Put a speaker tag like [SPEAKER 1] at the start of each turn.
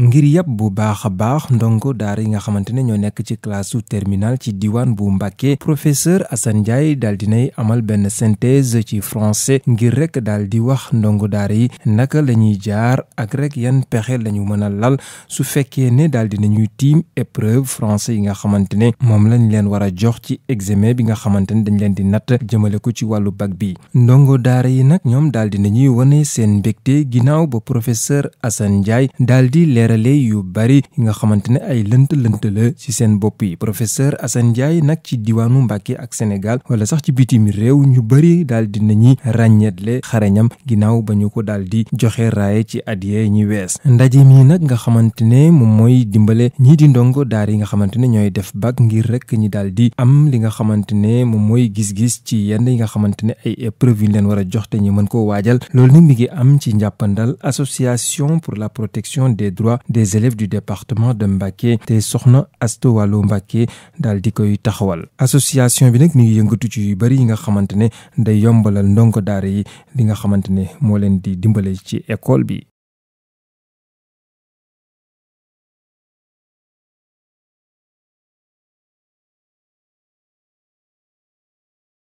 [SPEAKER 1] ngir yàpp bu baax a baax ndongo daara yi nga xamante ne ñoo nekk ci classe su terminal ci diwaan bu mbakkee professeur Assane Ndiaye daal dinay amal benn synthèse ci français ngir rek daal di wax ndongo daara yi naka la jaar ak rek yan pexe la ñu mën a lal su fekkee ne daal dinañuy tiim épreuve français yi nga xamante ne moom lañ leen war a jox ci examen bi nga xamante ne dañ leen di natt jëmale ko ci wàllu bac bi ndongo yi nag ñoom daal dinañuy wane seen mbégte ginnaaw ba professeur Assane leerale yu bari yi nga xamante ne ay lënt-lënt la ci seen bopp yi professeur Assane Ndiaye nag ci diwaanu Mbàkke ak Sénégal wala sax ci bitim réew ñu bari daal di nañu ràññeetle xareñam ginnaaw ba ñu ko daal di joxe raaye ci at yee ñi wees ndaje mi nag nga xamante ne moom mooy dimbale ñii di ndongo daar yi nga xamante ne ñooy def bac ngir rek ñi daal di am li nga xamante ne moom mooy gis-gis ci yenn yi nga xamante ne ay épreuve yu leen war a jox te ñu mën koo waajal la protection des élèves du département de Mbacké te soxna Asto Walo Mbacké daal di koy taxawal association bi nag mi ngi yëngatu ci yu bëri yi nga xamante ne day yombalal ndongo daara yi li nga xamante ne moo leen di dimbale ci école bi